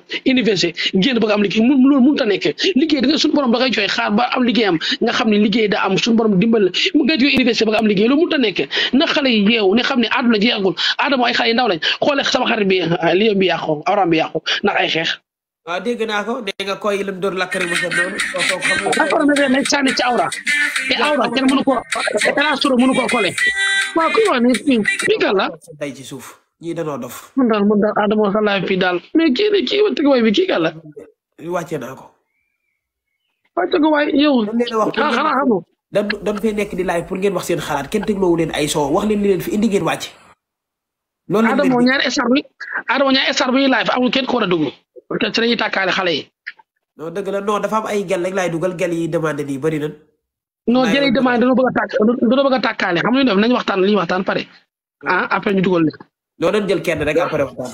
am liggéey mun loolu mënut a nekk liggéey da ngay suñu borom da ngay joxe xaar ba am liggéey am nga ne liggéey da am suñu borom dimbal la mu nga jógee université bëgg am liggéey loolu mënut a nekk na xale yi ne xam ne àdduna jeexagul aadama ay xale yi ndaw lañ xoole sama xarit bi ah, liyom bi yàqu awram bi yàqu ndax ay xeex waaw dégg naa ko dégg nga koy lim dóor lakkari bu sa dóor kooku xamul d'accord na ne ci awra awra ko ko kole waaw kuy wax ne fi fi nga la ci suuf ñii danoo dof mun daal mun daal adama xalaat fii daal mais kii ne way bi ko ko yow dan dan fay di live pour ngeen wax seen xalaat kenn tëj ma ay soo wax leen li leen fi indi ngeen esar bi esar bi live amul kenn ko war dugg peut-être si la ñuy tàkkaale xale yi. non dëgg la non dafa am ay gel rek laay dugal gel yi demandé nii bëri nañ. non gel yi demandé dañoo a tàkk dañoo a tàkkaale xam nga ñu def nañu waxtaan li ñuy waxtaan pare ah. ah après ñu dugal leen. loo doon jël kenn rek après waxtaan.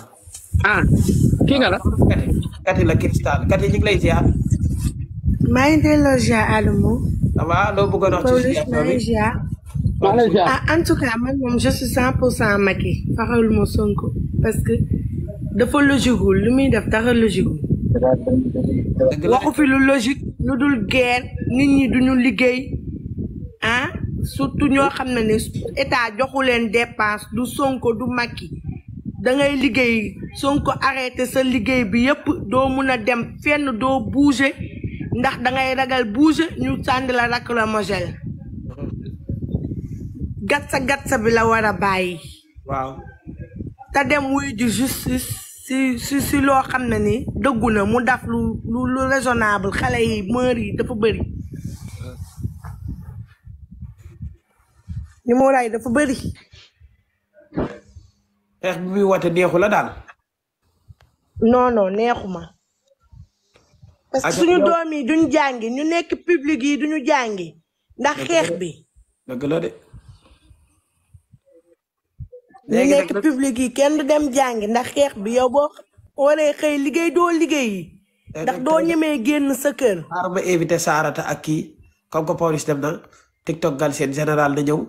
ah kii la. kati la cristal kati ñu ngi lay ziar. maa ngi de ziar Adamo. ça va loo bëggoon wax ci ziar Paulus ziar. ah en tout cas man moom je suis 100 pour cent Macky faxaluma Sonko parce que. dafa logique wul lu muy def dara logique waxu fi lu logique lu dul geen nit ñi duñu liggéey ah surtout ñoo xam na ni état joxu leen dépense du Sonko du mag yi dangay liggéey Sonko arrêté sa liggéey bi yépp doo mun a dem fenn doo bouger ndax da ngay ragal bouger ñu sànni la lacrymogène gatsa gatsa bi la war a bàyyi te dem wuy ji justice si si loo xam ne ni dëggu na mu daf lu lu lu raisonnable xale yi mër yi dafa bëri li mu raay dafa bëri xeex bi muy wate la daal non non neexuma parce que suñu doom yi duñ jàngi ñu nekk public yi duñu jàngi ndax xeex bi dëgg léegi nekk public yi kenn du dem jàng ndax xeex bi yow boo waree xëy liggéey doo liggéey yi ndax doo ñemee génn sa kër. xaar Saarata ak kii comme que Pawlish dem na TikTok gal général na ñëw.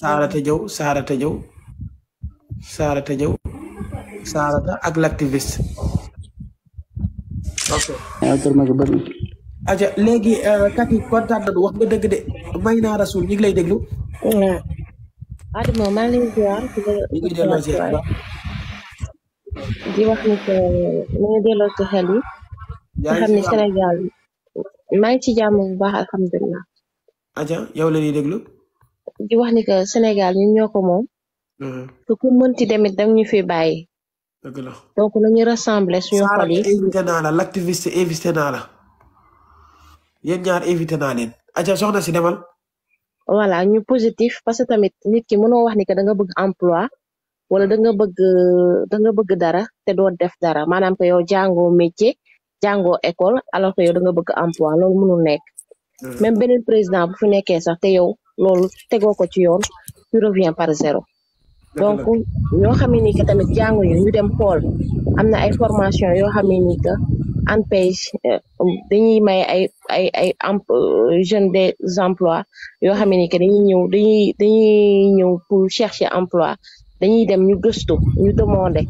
Saarata ñëw Saarata ñëw Saarata ñëw Saarata ak l'activiste. ok. Ah, léegi Kati euh, kontaan nañu wax nga dëgg de may naa rasul ñu ngi lay déglu. Adama maa ngi di wax ni que mu ngi delloo ci xel yi nga xam ne Sénégal ngi ci jàmm bu baax alhamdulilah aja yow la déglu di wax ni que Sénégal ñu ñoo ko moom te ku mënti demit dang ñu fi bàyyi dëgg la donc nañu rassembler suñu xol yi invité naa la l'activiste invité naa la yéen ñaar invité naa leen aja soxna si demal voilà ñu positif parce que tamit nit ki mënoo wax ni que danga bëgg emploi wala da bëgg da nga bëgg dara te doo def dara maanaam que yow jàngoo métier jàngoo école alors que yow da nga bëgg emploi loolu mënul nekk même beneen président bu fu nekkee sax te yow loolu tegoo ko ci yoon tu reviens par zéro donc ñoo xam ne ni que tamit jànguñu ñu dem xool am na ay formation yoo xam ne ni ANPEJ euh, dañuy may ay ay ay emp euh, jeunes des emplois yoo xam ne que dañuy ñëw dañuy dañuy ñëw pour chercher emploi dañuy dem ñu gëstu ñu demander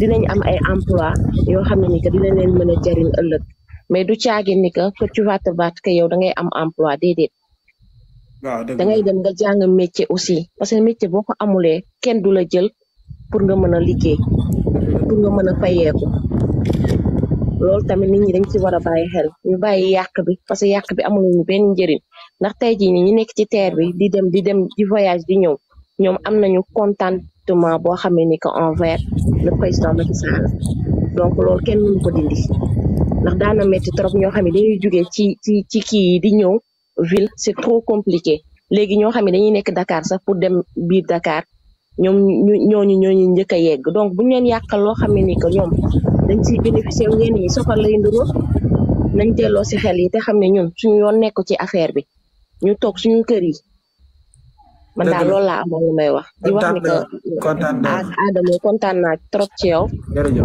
dinañ am ay emploi yoo xam ne que dina leen a jariñ ëllëg mais du caagin ni que que tu vas yow da ngay am emploi déedéet. waaw da ngay dem nga jàng métier aussi parce que métier boo ko amulee kenn du la jël pour nga mën a liggéey pour nga mën a fayeeku loolu tamit nit ñi dañ ci war a xel ñu bàyyi yàq bi parce que yàq bi amuluñu benn njëriñ ndax tey jii ni ñu nekk ci terre bi di dem di dem di voyage di ñëw ñoom am nañu contentement boo xam ne ni que envers le président Macky donc loolu kenn mënu ko dindi ndax daana métti trop ñoo xam ne dañuy jugee ci ci kii yi di ñëw ville c'est trop compliqué léegi ñoo xam ne dañuy nekk Dakar sax pour dem biir Dakar ñom ñooñu ñooñu njëkk a yegg donc buñu leen yakal lo xamé ni ko ñom dañ ci bénéficier wu ñenn ñi soxal lay nduro nañ délo ci xel yi té xamné ñun suñu yoon nekk ci affaire bi ñu tok suñu kër yi man da loolu la am lu may wax di wax ni ko adamu kontaan na trop ci yow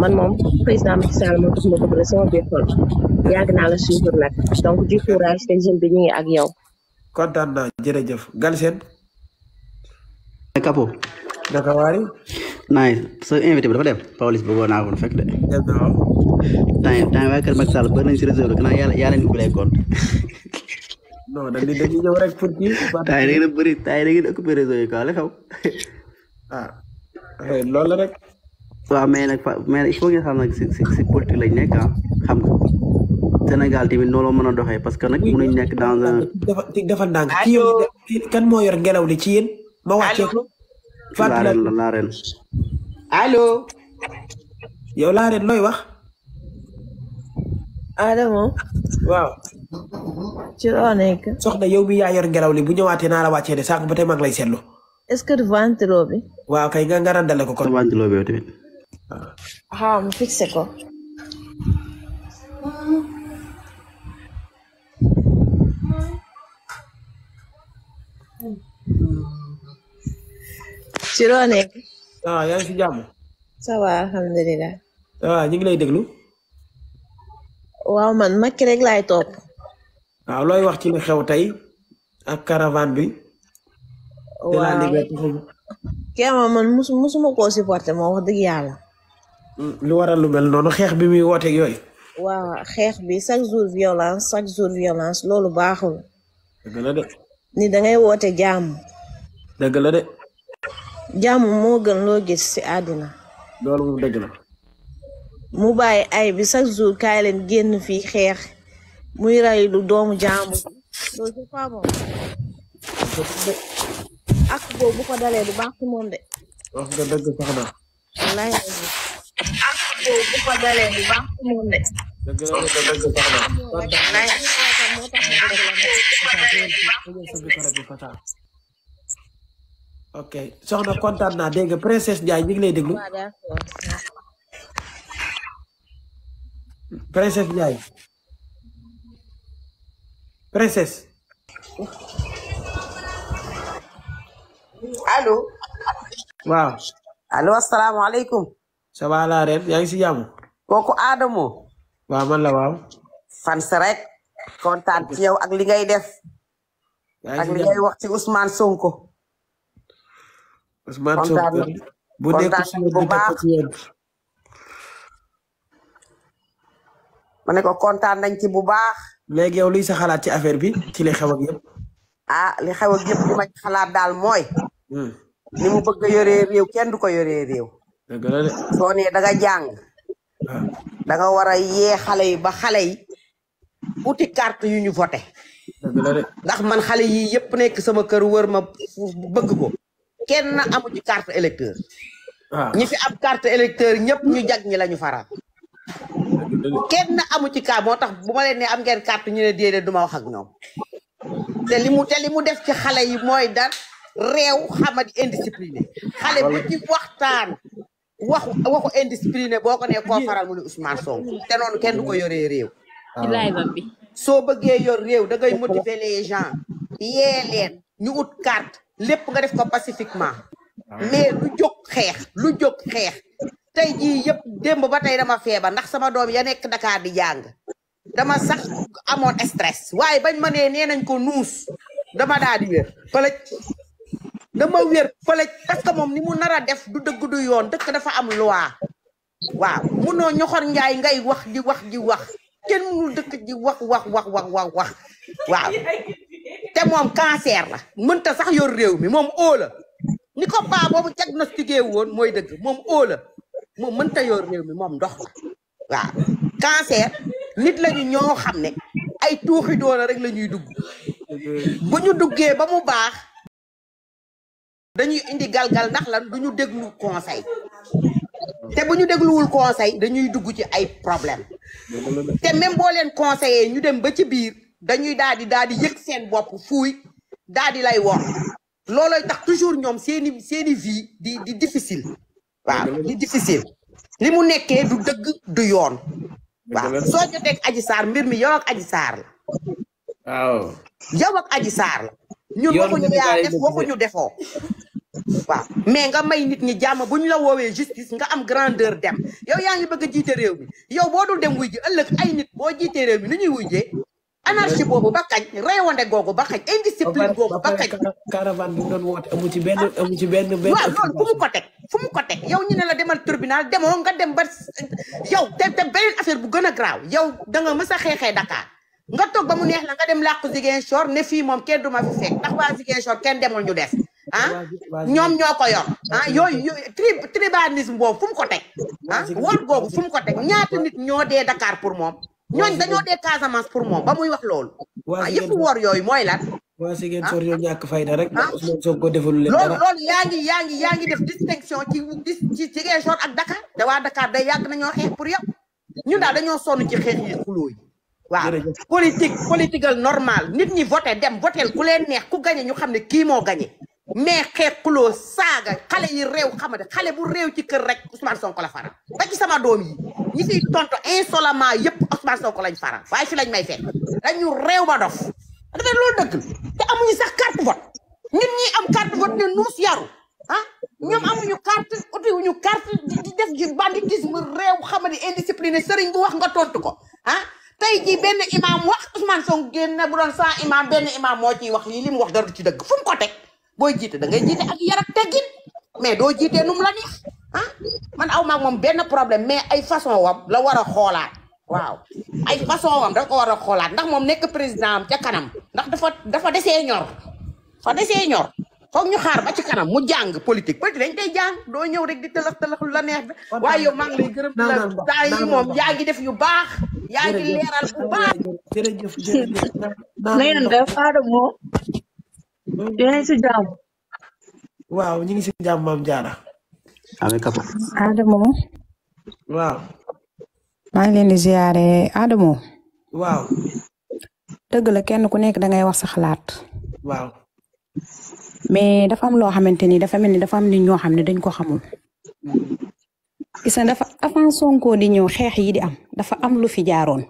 man mom président Macky Sall mo tax ma bëgg sama biir xol yàgg naa la suivre nak donc du courage té jëm bi ñi ak yow kontaan naa jërëjëf Galsen naka waay. naaj sa invité bi dafa dem Pawlish bëggoon naa ko fekk de. dëgg la waaw. temps yii temps yii waa Kër Macky Sall bëri nañ temps yii da de a bëri temps yii a occupé réseau yi quoi la xew. ah loolu la rek. waaw mais nag mais il faut ngeen xam nag si si si politique lañ nekk ah xam nga Sénégal tamit nooloo mën a parce que nag mënuñ nekk dans un. dafa dafa ndànk kan moo ngelaw li ci Fatou la laareen allo. yow laareen looy wax. Adamo. Wow. ci loo nekk. soxna yow mi yaa yor ngelaw li bu ñëwaatee naa la wàccee de sànq ba tey mag lay seetlu. est-ce que du ventilo bi. waaw kay nga nga ko kon. ventilo bi yow tamit. ah mu fixé ko. Mm. ci loo nekk. ah yaa ngi jàmm. ça va ah, ñu ngi lay déglu. waaw man Macky rek laay topp. waaw ah, looy wax ci lu xew tey ak caravane bi. waaw kéema man musu musuma koo supporter moo wax dëgg yàlla. Mm, lu waral lu mel noonu xeex bi muy wooteeg yooy waaw xeex bi chaque jour violence chaque jour violence loolu baaxul. dëgg la de. ngay woote jàmm. dëgg la de. jaamu moo gën loo gis ci àddina loolu mu bàyyi ay bi chaque jour kaay leen génn fii xeex muy ray lu doomu jaamu loolu c'est pas bon ak boobu bu ko dalee bu baax ci moom de ok soxna kontaan naa dégg nga princesse Ndiaye ñu ngi lay déglu. princesse Ndiaye princesse. allo. waaw. allo asalaamaaleykum. ça va la reine yaa ngi si jàmm. kooku Adamo. waaw man la waaw. sa rek. kontaan ci yow ak li ngay def. ak li ngay wax ci Ousmane Sonko. Ousmane Sonko bu nekk bu baax ma ko kontan nañ ci bu baax. yow li sa xalaat ci affaire bi ci li xew ak yeb. ah li xew ak yeb ci ma xalaat daal mooy. Hmm. ni mu bëgg a yoree réew kenn du ko yoree rew. dëgg la de. soo nee da nga jang. Ah. da nga wara yé xalé yi ba xalé yi uti carte yu ñu voté. la de. ndax man xalé yi yëpp nekk sama kër wër ma bëgg ko. kenn amu ci carte électeur ah. ñi fi am carte électeur ñëpp ñu jag ñi la ñu kenn amu ci carte moo tax bu ma leen ne am ngeen carte ñu ne déedéet du ma wax ak ñoom te li mu te li mu def ci xale yi mooy dar réew xamadi indiscipliné xale bu ci waxtaan waxu waxu indiscipliné boo ko nee koo faral mu ne Ousmane Sonko te kenn du ko yoree réew soo bëggee yor réew da ngay motiver les ñu ut carte lepp nga def ko pacifiquement ah mais lu jog xex lu jog xex tay ji yeb demb ba dama feba ndax sama dom ya nek Dakar di jang dama sax amone stress waye bañ ma nenañ ko nous dama da di wer fëlëj dama wer fëlëj parce que mom ni mu nara def du deug du yoon deuk dafa am loi waaw munoo ñoxor njaay ngay wax di wax di wax kenn mu deuk di wax wax wax wax wax wax waaw te moom cancer la mënta sax yor réew mi moom oo ni ko baa boobu diagnostiqué woon mooy dëgg moom oo la moom mënta yor réew mi moom ndox la waaw cancer nit lañu ñoo xam ne ay tuuxi doona rek la ñuy dugg bu ñu duggee ba mu baax dañuy indi galgal ndax lan du ñu déglu conseil te bu ñu dégluwul conseil dañuy dugg ci ay problème te même boo leen conseillé ñu dem ba ci biir dañuy daal di daal di yëg seen bopp fuuy daal di lay wor loolooy tax toujours ñoom seeni seeni vie di di difficile waaw di difficile li mu nekkee du dëgg du yoon waaw soo jotee ak saar mbir mi yow ak Adji Sarr la waaw yow ak Adji ñun waxuñu yaa def waxuñu defoo waaw mais nga may nit ñi jàmm bu ñu la woowee justice nga am grandeur dem yow yaa ngi bëgg a jiite réew mi yow boo dul dem wuy ji ëllëg ay nit boo jiitee réew mi nu ñuy wujjee anarchie boobu ba kañ reewande googu ba kañ indiscipline googu ba kañ caravane bu doon woote amu ci benn ah, amu waaw loolu fu mu ko teg fu mu ko teg yow ñu ne la demal tribunal demoo nga dem ba yow te te beneen affaire bu gën a graaw yow da nga mës a xeexee Dakar nga toog ba mu neex la nga dem làqu Ziguinchor ne fii moom ke du ma fi fekk ndax waa Ziguinchor kenn demul ñu des ah ñoom ñoo ko yor ah yooyu tribalisme boobu fu mu ko teg ah woon googu fu mu ko teg ñaata nit ñoo dee Dakar pour moom ñooñ dañoo dee Casamance pour moom ba muy wax loolu. waa ah, yëpp wor yooyu mooy lan. waa Ziguinchor ñoo ah. ñàkk fayda rek. ah soo ko deful leen dara loolu yaa ngi yaa ngi yaa ngi def distinction ci ci ci Ziguinchor ak Dakar te waa Dakar day yàgg nañoo xeex pour yow ñun daal dañoo sonn ci xeex yi xuloo yi. waaw politique politique normal nit ñi voté dem voté ku leen neex ku gagné ñu xam ne kii moo gagné. mais xeexuloo saaga xale yi réew xam xale bu réew ci kër rek Ousmane Sonko la faral ba ci sama doom yi ñi fiy tontu insolemment yëpp Ousmane Sonko lañ faral waaye fi lañ may fekk dañu réew ba dof dafay loolu dëgg te amuñu sax carte vote ñun ñi am carte vote ne nuus yaru ah ñoom amuñu carte utiwuñu carte di def ji banditisme réew xam di indiscipliné sëriñ bu wax nga tontu ko ah tey jii benn imam wax Ousmane gen na bu doon sans imam benn imam moo ciy wax lii li mu wax dara ci dëgg fu mu ko teg booy jiite da ngay jiite ak yar ak mais doo jiitee nu mu la neex ah man aw maag moom benn problème mais ay façon wam la war a xoolaat waaw ay façon wam da ko war a xoolaat ndax moom nekk président am ca kanam ndax dafa dafa desee ñor dafa desee ñor foog ñu xaar ba ci kanam mu jàng politique politique dañ koy jàng doo ñëw rek di tëlax tëlax la neex bi waaye yow maa ngi lay gërëm la taa yi moom yaa ngi def yu baax yaa ngi leeral bu baax jërëjëf jërëjëf yaa si jàmm. waaw ñu ngi si jàmm maam Diarra. avec Kafa. Adamo. waaw. maa ngi leen di ziare Adamo. waaw. dëgg la kenn ku nekk da ngay wax sa xalaat. waaw. mais dafa am loo xamante ni dafa mel ni dafa am nit ñoo xam ne dañ koo xamu gis na dafa avant Sonko di ñëw xeex yi di am dafa am lu fi jaaroon.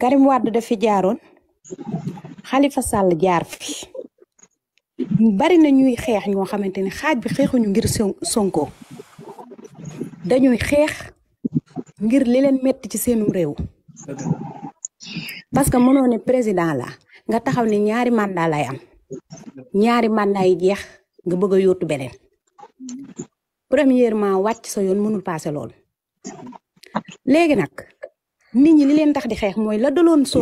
Karim Wade daf fi jaaroon. Khalifa sal jaar fi bari na ñuy xeex ñoo xamante ni xaaj bi xeexuñu ngir Sonko dañuy xeex ngir li leen metti ci seenu réew parce que mënoo ne président la nga taxaw ni ñaari mandat lay am ñaari mandat yi jeex nga bëgg a yóotu beneen premièrement wàcc sa yoon mënul passé lool léegi nag nit ñi li leen di xeex mooy la daloon so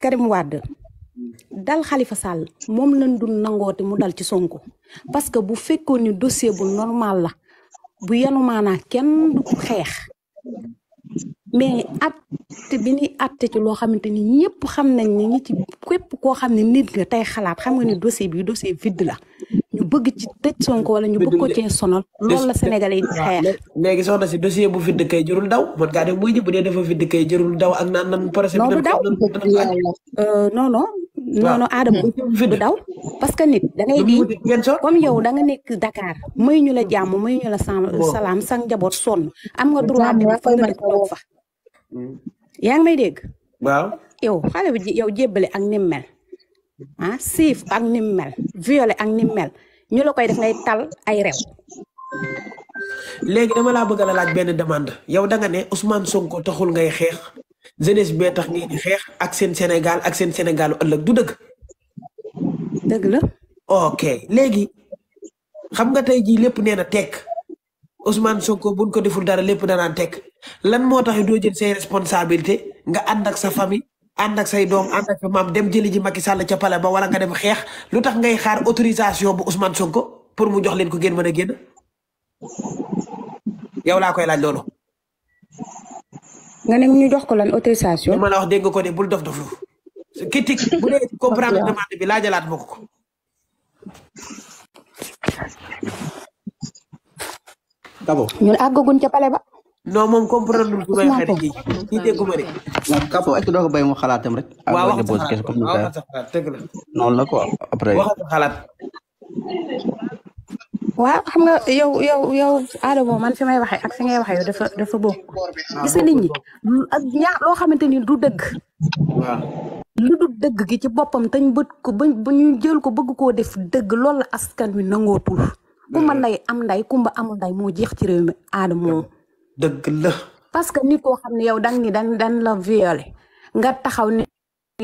Karim dal Khalifa Sall moom lañ nangoo te mu dal ci Sonko parce que bu fekkoon ni dossier bu normal la bu yenu maanaa kenn xeex mais atte bi ñuy atte ci loo xamante ni ñëpp xam nañ ne ñi ci koo xam ne nit nga tey xalaat xam nga ne dossier bi dossier vide la bëgg ci tëj Sonko wala ñu bëgg ko cee sonal loolu la Sénégalais yi di xeex. léegi soxna si dossier bu fi dëkkee jërul daw man kaa def muy ji bu dee dafa fi dëkkee jërul daw ak daw euh, non non. non non Adama daw parce que nit da ngay di comme yow da nga nekk Dakar may ñu la jàmm may sang njaboot sonn am nga droit bi fa nga toog fa mm. yaa ngi may dégg waaw yow ak ni mel ah siif ak ni mel violé ak ni mel ñu la koy def ngay tal ay rew léegi dama laa bëgg la laaj benn demande yow da nga ne Ousmane Sonko taxul ngay xeex jeunesse bee tax ngeen di xeex ak seen Sénégal ak seen sénégal ëllëg du dëgg. dëgg la. ok léegi xam nga tey jii lépp nee na tekk Ousmane Sonko buñ ko deful dara lépp danaan tekk lan moo tax doo jël say responsabilité nga ànd ak sa famille andak say dom andak sa dem jeli ji Macky Sall ca pale ba wala nga dem xex lutax ngay xaar autorisation bu Ousmane Sonko pour mu jox len ko genn meuna genn yow la koy laaj lolu nga ne ñu jox ko lan autorisation. dama la wax deg ko de bul dof doflu critique bu dee comprendre demande bi laajalaat ma ko dabo ñu abord ca pale ba non mom comprendre lu may xarit gi ni deggu ma de kapo est do ko bay mo xalaatam rek wa wax sa xalaat ko mo non la ko après wax sa xalaat xam nga yow yow yow bo man fi may waxee ak fi ngay waxee dafa dafa bokk ah, gis nga nit ñi ak ñaa lo xamanteni du deug wa lu du deug gi ci bopam tañ beut ko ba ñu jël ko bëgg ko def deug lool askan wi nangotul ku man nday am nday kumba amul nday mo jeex ci réew mi mo dëgg la. parce que ni koo xam ne yow dang ni dan dan la violé nga taxaw ni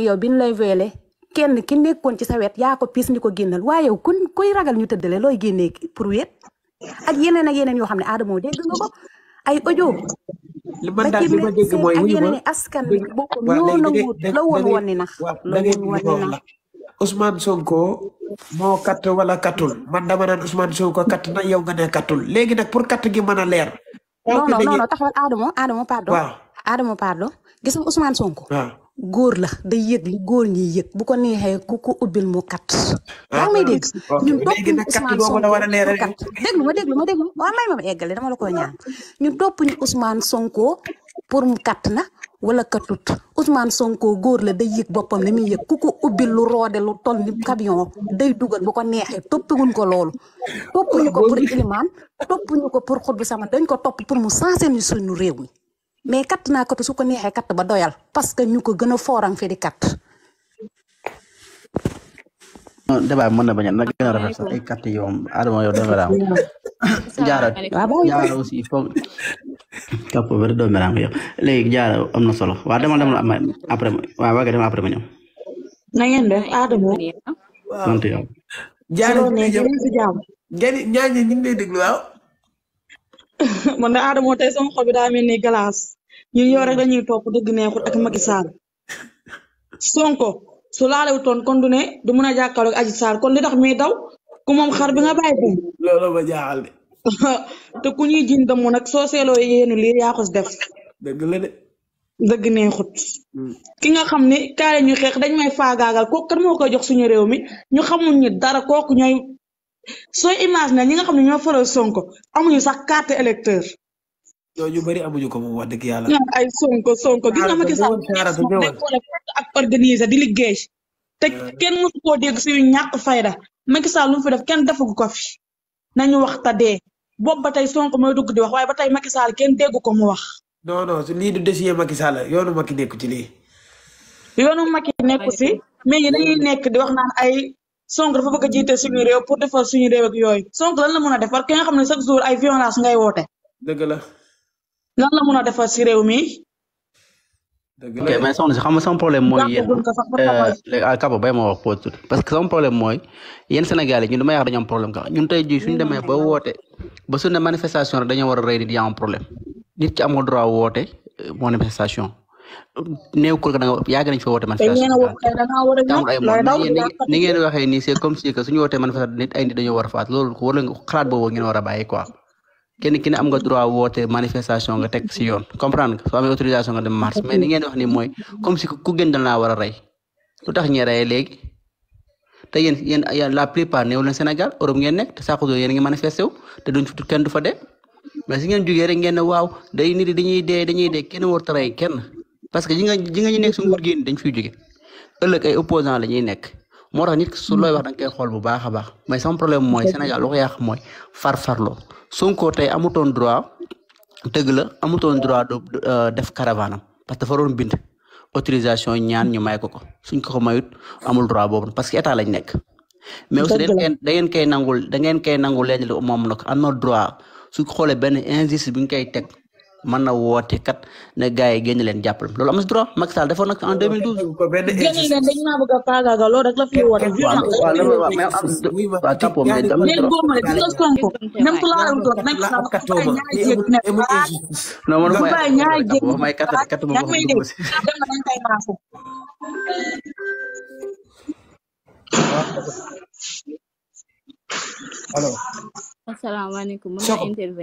yow bi ñu lay violé kenn ki nekkoon ci sa wet yaa ko piis ni ko génnal waaye yow kun koy ragal ñu tëddale looy génnee pour wet ak yeneen ak yeneen yoo xam ne Adamo dégg ko ay audio. li man daal li mooy wuyu ma askan bi boppam ñoo nanguut la woon woon ni nax la woon woon ni nax Ousmane Sonko moo katt wala kattul man dama naan Ousmane Sonko katt na yow nga ne kattul léegi nag pour katt gi mën a leer non non non taxawal Adama Adama pardon. waaw Adama Sonko. waaw góor la da yëg li góor ñiy yëg bu ko neexee ku ko ubbil mu katt yaa ngi may dégg ah, ah, ah. ñun toppuñu Ousmane Sonko mu kat ma déglu ma déglu waaw may ma eggale dama la koy ñaan ñun toppuñu Ousmane Sonko pour mu kat na wala katut Ousmane Sonko góor la day yëg boppam li muy yëg ku ko ubbil lu roode lu toll ni camion day dugal bu ko neexee toppiwuñ ko loolu toppuñu ko pour ilimaan toppuñu ko pour xut bi sama dañ ko topp pour mu sensé ni suñu réew mi mais katt naa katu su ko neexee katt ba doyal parce que ñu ko gën a fooran di kat débat bi mën na bañ a nag a rafet sax ay kàtt yi moom Adama yow doo meraam jaara jaara aussi foog kapp bi doo meraam yow léegi jaara am na solo waaw demal demal après waaw ma ñëw na ngeen def Adama sant yow jaara gani ñaan ñi ngi lay déglu waaw de Adama tey sama xol bi daa mel ni glace ñun yow topp dëgg neexut ak Macky Sonko su ton kon du ne du mën a jàkkaarloog Adji saar kon li tax muy daw ku moom xar bi nga bàyyi ko. loolu ba jaaxal de. te ku ñuy jiin damm nag soo seeloo yéenu li yaa ko def. dëgg la de. dëgg neexut. Hmm. ki nga xam ne kaale ñu xeex dañ may faagaagal kooku kan moo koy jox suñu réew mi ñu xamul ñu dara kooku ñooy soo image na ñi nga xam ne ñoo faral Sonko amuñu sax carte électeur yooyu bëri amuñu ko moom wax dëgg yàlla. ñoom ay sonko sonko gis nga Macky Sall ak organiser di liggéey. te kenn mësu koo dégg suñu ñàkk fayda Macky Sall lu mu fi def kenn defagu ko fi nañu wax ta dee ba tey Sonko mooy dugg di wax waaye ba tey Macky Sall kenn dégg ko mu wax. non non lii du dossier Macky Sall yoonu Macky nekku ci lii. yoonu Macky nekku si mais ñi dañuy nekk di wax naan ay Sonko dafa bëgg a jiite suñu réew pour defar suñu réew ak yooyu Sonko lan la mën a defar ki nga xam ne chaque jour ay violence ngay woote. dëgg la. lan la mun a si réew mi. ok mais soxna xam nga sama problème mooy yéen bay euh, ah, ma wax parce que sama mooy yéen Sénégal yi ñun dama yàq dañoo am problème ka ñun tey jii suñu demee ba woote ba suñu manifestation rek dañoo war a rey nit yaa am problème nit ki amul droit woote euh, manifestation néew ko da nga yàgg nañ fi woote manifestation ni ngeen waxee manifestation nit ay nit dañoo war a faat loolu war leen xalaat ngeen war a bàyyi quoi kenn ki ne am nga droit woote manifestation nga teg si yoon comprendre nga soo amee autorisation nga dem marche mais ni ngeen di wax ni mooy comme si ku gën dañ laa war a rey lu tax ñuy reyee léegi te yéen yéen la plupart néew leen Sénégal Europe ngeen nekk te saako yéen a ngi manifesté wu te duñ kenn du fa dee mais si ngeen jugee rek ngeen ne waaw day nit dañuy dee dañuy dee kenn warut a kenn parce que ji nga ji nga ñu nekk si nguur gi dañ fiy jugee ëllëg ay opposant la ñuy nekk. moo tax nit su looy wax da nga koy xool bu baax a baax mais sama problème mooy Sénégal lu ko yàq mooy farfarloo Sonko tey amutoon droit dëgg la amutoon droit euh, def caravane am parce que dafa doon bind autorisation ñaan ñu may ko ko suñ ko ko mayut amul droit boobu parce que état lañ nekk. mais aussi da ngeen da koy nangul da ngeen koy nangul leen moom nag am na droit su xoolee benn injustice bi ñu koy teg. man na woote kat ne gars yi leen jàppale loolu am na droit Macky Sall defoon nag en 2012. génn leen dañu maa bëgg a faagaagal loolu rek la fi woote. waaw waaw mais am na trop mais am na laal doon même ku laal doon bàyyi ñaari jéeg ne ah. non man bàyyi ñaari jéeg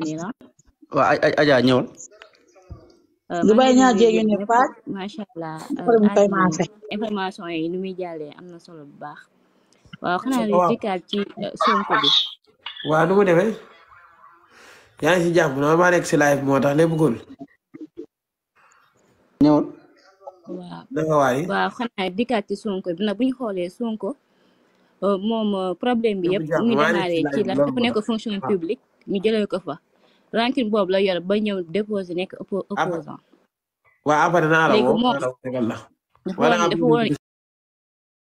ne waaw Adja ñëwal. Euh, du bay ñaar jéegi macha allah information yi nu muy jaalee am na solo bu baax. waaw xanaa li ci euh, Sonko bi. waaw nu mu defee. yaa ngi si jàmm noonu maa nekk si live moo tax lépp gul. ñëwal. waaw xanaa dikkaat ci Sonko bi nag bu ñu xoolee Sonko euh, moom problème bi yëpp. mu démarré ci la dafa nekk fonction ah. publique ñu jëlee ko fa. rancune boobu la yor ba ñëw déposé nekk opposant. waaw après naa la woo. léegi moom wala